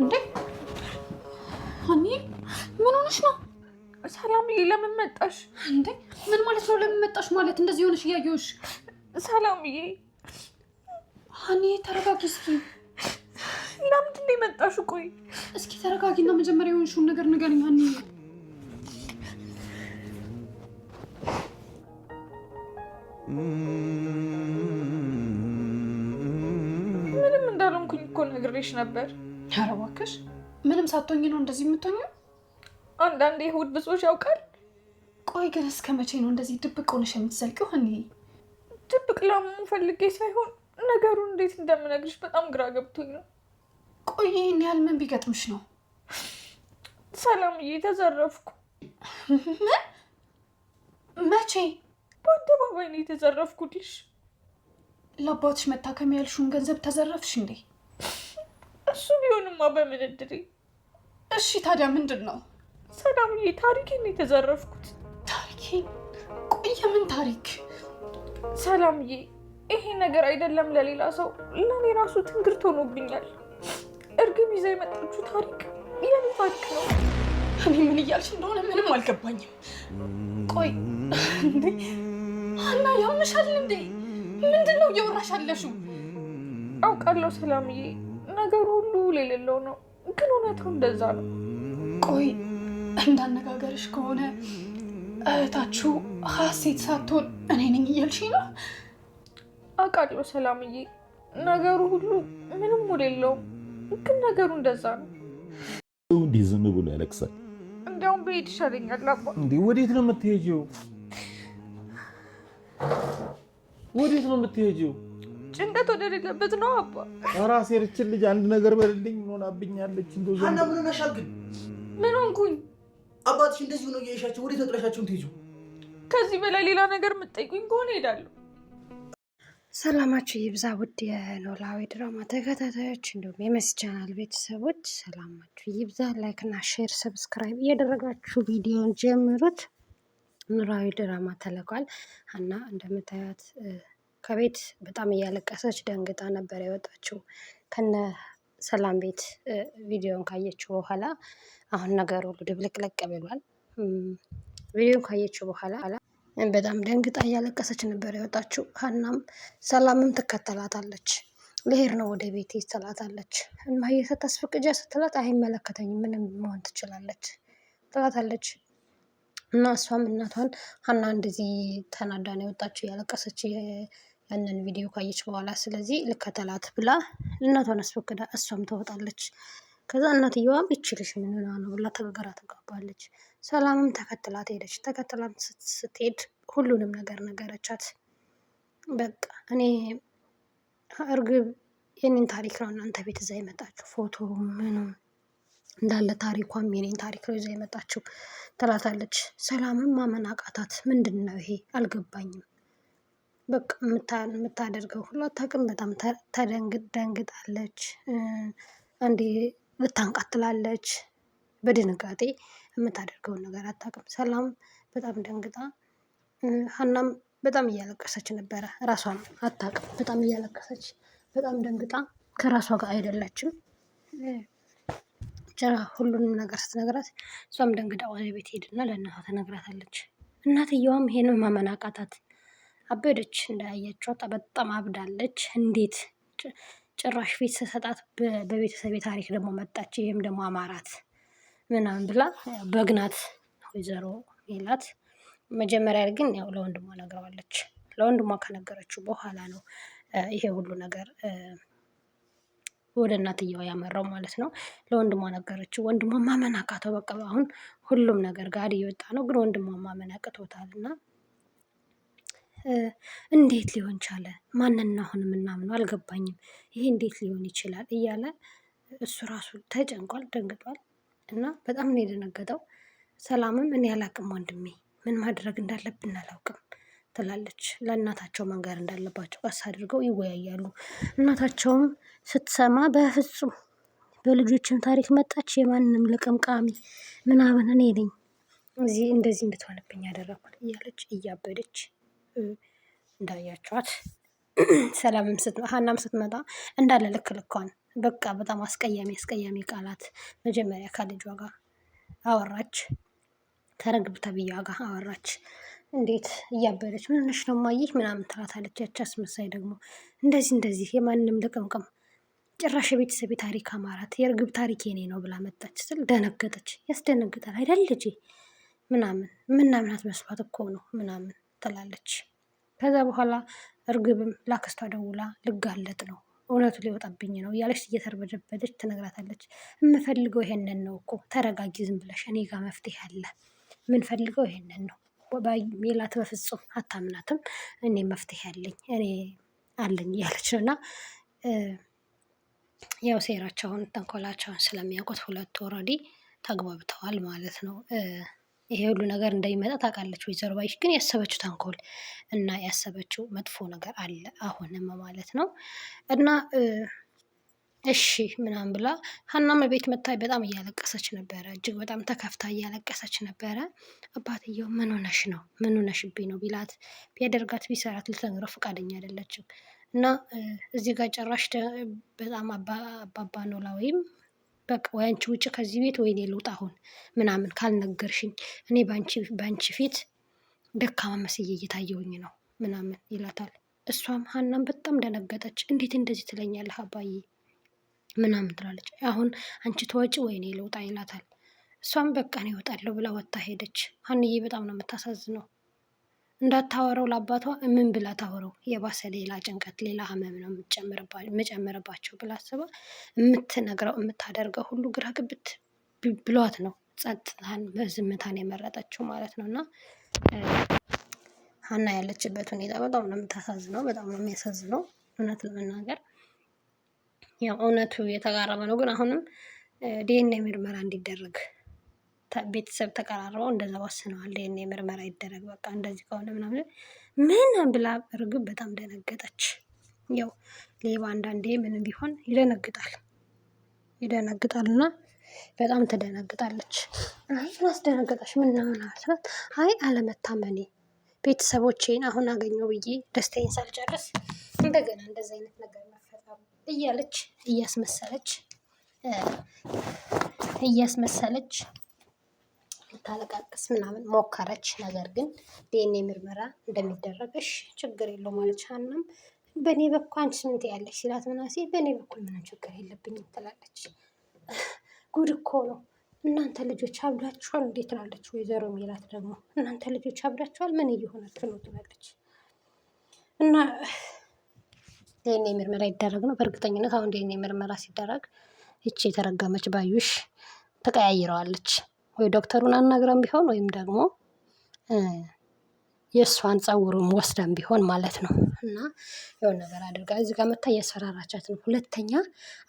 እንዴ ሀኒ ምን ሆነሽ ነው? ሰላምዬ ለምን መጣሽ? እንዴ ምን ማለት ነው ለምን መጣሽ ማለት? እንደዚህ ሆነሽ እያየሁሽ። ሰላምዬ ሀኒ ተረጋጊ እስኪ። ለምንድን ነው የመጣሽው? ቆይ እስኪ ተረጋጊና መጀመሪያ የሆንሽውን ነገር ንገሪኝ ሀኒ። ምንም እንዳልሆንኩኝ እኮ ነግሬሽ ነበር። ኧረ እባክሽ ምንም ሳትሆኝ ነው እንደዚህ የምትሆኝው? አንዳንዴ እሑድ ብዙዎች ያውቃል። ቆይ ግን እስከ መቼ ነው እንደዚህ ድብቅ ሆነሽ የምትዘልቂው? ሆን ድብቅ ላሙ ፈልጌ ሳይሆን ነገሩ እንዴት እንደምነግርሽ በጣም ግራ ገብቶኝ ነው። ቆይ ይህን ያህል ምን ቢገጥምሽ ነው? ሰላምዬ ተዘረፍኩ። መቼ? በአደባባይ ነው የተዘረፍኩልሽ። ለአባትሽ መታከሚያ ያልሽውን ገንዘብ ተዘረፍሽ እንዴ? እሱ ቢሆንማ በምን እሺ ታዲያ ምንድን ነው ሰላምዬ? ታሪኬን የተዘረፍኩት። ታሪኬን? ቆይ የምን ታሪክ ሰላምዬ? ይሄ ነገር አይደለም ለሌላ ሰው ለኔ ራሱ ትንግርት ሆኖብኛል። እርግብ ይዛ የመጣችው ታሪክ የኔ ታሪክ ነው። እኔ ምን እያልሽ እንደሆነ ምንም አልገባኝም። ቆይ እንዴ አና ያምሻል እንዴ? ምንድን ነው እየወራሽ ያለሽው? አውቃለሁ ሰላምዬ ነገር ሁሉ የሌለው ነው፣ ግን እውነቱ እንደዛ ነው። ቆይ እንዳነጋገርሽ ከሆነ እህታችሁ ሀሴት ሳትሆን እኔ ነኝ እያልሽ ነው? አውቃለሁ ሰላምዬ፣ ነገሩ ሁሉ ምንም የሌለውም፣ ግን ነገሩ እንደዛ ነው። እንዲህ ዝም ብሎ ያለቅሳል። እንዲያውም ብሄድ ይሻለኛል። አባ እንዴ! ወዴት ነው የምትሄጂው? ወዴት ነው የምትሄጂው? ጭንቀት ወደሌለበት ነው። አባ ራሴ ርችን ልጅ አንድ ነገር በልልኝ። ምን ሆናብኛለች? እንዶ ሀና ምን ሆነሻል? ግን ምን ሆንኩኝ? አባትሽ እንደዚህ ሆነው እያይሻቸው ወደ ተጥረሻቸውን ትይዙ። ከዚህ በላይ ሌላ ነገር የምጠይቁኝ ከሆነ ሄዳለሁ። ሰላማችሁ ይብዛ ውድ የኖላዊ ድራማ ተከታታዮች እንዲሁም የመሲ ቻናል ቤተሰቦች ሰላማችሁ ይብዛ። ላይክና ሼር ሰብስክራይብ እያደረጋችሁ ቪዲዮን ጀምሩት። ኖላዊ ድራማ ተለቋል እና እንደምታያት ከቤት በጣም እያለቀሰች ደንግጣ ነበር የወጣችው ከነ ሰላም ቤት። ቪዲዮን ካየችው በኋላ አሁን ነገሩ ድብልቅልቅ ብሏል። ቪዲዮን ካየችው በኋላ በጣም ደንግጣ እያለቀሰች ነበር የወጣችው። ሀናም ሰላምም ትከተላታለች። ልሄድ ነው ወደ ቤት ትላታለች። እማዬ ስታስፈቅጃ ስትላት አይመለከተኝም ምንም መሆን ትችላለች ትላታለች። እና እሷም እናቷን ሀና እንደዚህ ተናዳ ነው የወጣችው እያለቀሰች ያንን ቪዲዮ ካየች በኋላ ስለዚህ ልከተላት ብላ እናቷን አስፈቅዳ እሷም ትወጣለች። ከዛ እናትየዋ ይቺ ልጅ ምን ሆና ነው ብላ ተገገራ ትጋባለች። ሰላምም ተከትላት ሄደች። ተከትላት ስትሄድ ሁሉንም ነገር ነገረቻት። በቃ እኔ እርግብ የኔን ታሪክ ነው እናንተ ቤት እዛ የመጣችሁ ፎቶ ምኑ እንዳለ ታሪኳም የኔን ታሪክ ነው ይዛ የመጣችው ትላታለች። ሰላምም ማመን አቃታት። ምንድን ነው ይሄ አልገባኝም በቃ የምታደርገው ሁሉ አታውቅም። በጣም ተደንግጣለች። አንዴ ልታንቃትላለች። በድንጋጤ የምታደርገውን ነገር አታውቅም። ሰላም በጣም ደንግጣ፣ ሀናም በጣም እያለቀሰች ነበረ። ራሷን አታውቅም። በጣም እያለቀሰች፣ በጣም ደንግጣ ከራሷ ጋር አይደለችም። ጭራ ሁሉንም ነገር ስትነግራት እሷም ደንግጣ ወደ ቤት ሄድና ለእናቷ ተነግራታለች። እናትየዋም ይሄንን ማመን አቃታት። አበደች። እንዳያቸዋት በጣም አብዳለች። እንዴት ጭራሽ ፊት ስሰጣት በቤተሰብ ታሪክ ደግሞ መጣች፣ ይህም ደግሞ አማራት ምናምን ብላ በግናት ወይዘሮ ሜላት። መጀመሪያ ግን ያው ለወንድሟ ነግረዋለች። ለወንድሟ ከነገረችው በኋላ ነው ይሄ ሁሉ ነገር ወደ እናትየዋ ያመራው ማለት ነው። ለወንድሟ ነገረችው። ወንድሟ ማመን አቃተው። በቃ አሁን ሁሉም ነገር ጋር እየወጣ ነው፣ ግን ወንድሟ ማመን አቅቶታል እና እንዴት ሊሆን ቻለ? ማንና አሁን የምናምነው አልገባኝም። ይሄ እንዴት ሊሆን ይችላል? እያለ እሱ ራሱ ተጨንቋል፣ ደንግጧል እና በጣም ነው የደነገጠው። ሰላምም እኔ አላቅም ወንድሜ፣ ምን ማድረግ እንዳለብን አላውቅም ትላለች። ለእናታቸው መንገር እንዳለባቸው ቀስ አድርገው ይወያያሉ። እናታቸውም ስትሰማ በፍጹም በልጆችን ታሪክ መጣች፣ የማንም ለቀምቃሚ ምናምን እኔ ነኝ እዚህ እንደዚህ እንድትሆንብኝ ያደረኩት እያለች እያበደች እንዳያቸዋት ሰላምም ሀናም ስትመጣ እንዳለ ልክ ልኳን በቃ በጣም አስቀያሚ አስቀያሚ ቃላት መጀመሪያ ከልጇ ጋር አወራች፣ ተረግብ ተብያ ጋር አወራች። እንዴት እያበደች ምን ሆነሽ ነው ማየህ ምናምን ትላታለች። ያቺ አስመሳይ ደግሞ እንደዚህ እንደዚህ የማንም ልቅምቅም ጭራሽ የቤተሰቤ ታሪክ አማራት የእርግብ ታሪክ የኔ ነው ብላ መጣች ስል ደነገጠች። ያስደነግጣል አይደል ልጄ ምናምን ምናምን አትመስሏት እኮ ነው ምናምን ትላለች። ከዛ በኋላ እርግብም ላክስቷ ደውላ ልጋለጥ ነው እውነቱ ሊወጣብኝ ነው እያለች እየተርበደበደች ትነግራታለች። የምፈልገው ይሄንን ነው እኮ ተረጋጊ፣ ዝም ብለሽ እኔ ጋር መፍትሄ አለ። የምንፈልገው ይሄንን ነው። ሜላት በፍጹም አታምናትም። እኔ መፍትሄ አለኝ እኔ አለኝ እያለች ነው እና ያው ሴራቸውን ተንኮላቸውን ስለሚያውቁት ሁለቱ ኦልሬዲ ተግባብተዋል ማለት ነው። ይሄ ሁሉ ነገር እንደሚመጣ ታውቃለች ወይዘሮ ባዩሽ። ግን ያሰበችው ተንኮል እና ያሰበችው መጥፎ ነገር አለ አሁንም ማለት ነው እና እሺ ምናምን ብላ ሀናም ቤት መታ በጣም እያለቀሰች ነበረ። እጅግ በጣም ተከፍታ እያለቀሰች ነበረ። አባትየው ምን ሆነሽ ነው ምን ሆነሽብኝ ነው ቢላት ቢያደርጋት ቢሰራት ልትነግረው ፈቃደኛ አይደለችም እና እዚህ ጋር ጭራሽ በጣም አባባ ኖላ ወይም በቃ ወይ አንቺ ውጭ ከዚህ ቤት ወይ ልውጣ አሁን ምናምን ካልነገርሽኝ እኔ በአንቺ ፊት ደካማ መስዬ እየታየውኝ ነው ምናምን ይላታል። እሷም ሀናም በጣም ደነገጠች። እንዴት እንደዚህ ትለኛለህ አባዬ ምናምን ትላለች። አሁን አንቺ ተወጪ ወይ ልውጣ ይላታል። እሷም በቃ ነው ይወጣለሁ ብላ ወጥታ ሄደች። ሀንዬ በጣም ነው የምታሳዝነው። እንዳታወረው ለአባቷ ምን ብላ ታወረው? የባሰ ሌላ ጭንቀት፣ ሌላ ህመም ነው የምጨምርባቸው ብላ አስባ የምትነግረው የምታደርገው ሁሉ ግራ ግብት ብሏት ነው ጸጥታን በዝምታን የመረጠችው ማለት ነው። እና ሀና ያለችበት ሁኔታ በጣም ነው የምታሳዝነው፣ በጣም ነው የሚያሳዝነው። እውነት ለመናገር ያው እውነቱ የተቃረበ ነው፣ ግን አሁንም ዲኤንኤ ምርመራ እንዲደረግ ቤተሰብ ተቀራርበው እንደዛ ወስነዋል። ይሄን ምርመራ ይደረግ በቃ እንደዚህ ከሆነ ምናምን ምን ብላ እርግብ በጣም ደነገጠች። ያው ሌባ አንዳንዴ ምንም ቢሆን ይደነግጣል ይደነግጣል እና በጣም ትደነግጣለች። አይ አስደነገጣች ምን ሆነ አይ አለመታመኔ ቤተሰቦቼን አሁን አገኘው ብዬ ደስተኝ ሳልጨርስ እንደገና እንደዚህ አይነት ነገር መፈጠሩ እያለች እያስመሰለች እያስመሰለች ልታለቃቅስ ምናምን ሞከረች። ነገር ግን ዲኤንኤ ምርመራ እንደሚደረገሽ ችግር የለው ማለች ሀናም በእኔ በኩል አንቺስ ምን ትያለሽ ሲላት ምናሴ በእኔ በኩል ምንም ችግር የለብኝም ትላለች። ጉድ እኮ ነው እናንተ ልጆች አብዳችኋል እንዴ ትላለች ወይዘሮ ሚላት ደግሞ እናንተ ልጆች አብዳችኋል ምን እየሆናችሁ ነው ትላለች። እና ዲኤንኤ ምርመራ ይደረግ ነው በእርግጠኝነት አሁን ዲኤንኤ ምርመራ ሲደረግ እቺ የተረገመች ባዩሽ ተቀያይረዋለች። ወይ ዶክተሩን አናግረን ቢሆን ወይም ደግሞ የእሷን ፀጉርም ወስደን ቢሆን ማለት ነው። እና የሆነ ነገር አድርጋ እዚህ ጋር መታ እያስፈራራቻት ነው። ሁለተኛ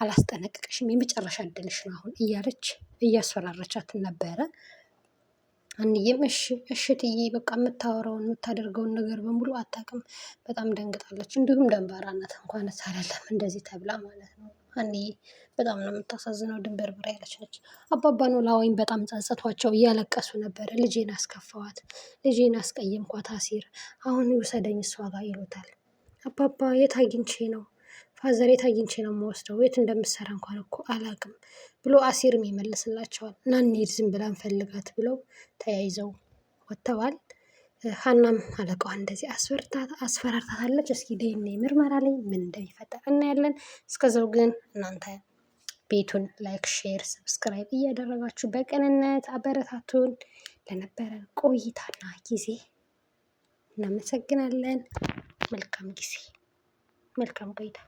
አላስጠነቅቅሽም የመጨረሻ እድልሽ ነው አሁን እያለች እያስፈራራቻት ነበረ። አንዬም እሺ እሽትዬ በቃ የምታወራውን የምታደርገውን ነገር በሙሉ አታውቅም። በጣም ደንግጣለች። እንዲሁም ደንባራ ናት እንኳንስ አይደለም እንደዚህ ተብላ ማለት ነው። ሀኒዬ በጣም ነው የምታሳዝነው። ድንበር ብር ያለች ነች። አባባ ኖላዊም በጣም ጸጸቷቸው እያለቀሱ ነበረ። ልጄን አስከፋዋት፣ ልጄን አስቀየምኳት፣ አሲር አሁን ይውሰደኝ እሷ ጋር ይሉታል። አባባ የት አግኝቼ ነው ፋዘር የት አግኝቼ ነው የምወስደው? የት እንደምሰራ እንኳን እኮ አላቅም ብሎ አሲርም ይመልስላቸዋል። እና እንሂድ ዝም ብላ እንፈልጋት ብለው ተያይዘው ወጥተዋል። ሀናም አለቃዋ እንደዚህ አስፈራርታታለች። እስኪ ዲኤንኤ ምርመራ ላይ ምን እንደሚፈጠር እናያለን። እስከዛው ግን እናንተ ቤቱን ላይክ፣ ሼር፣ ሰብስክራይብ እያደረጋችሁ በቅንነት አበረታቱን። ለነበረ ቆይታና ጊዜ እናመሰግናለን። መልካም ጊዜ፣ መልካም ቆይታ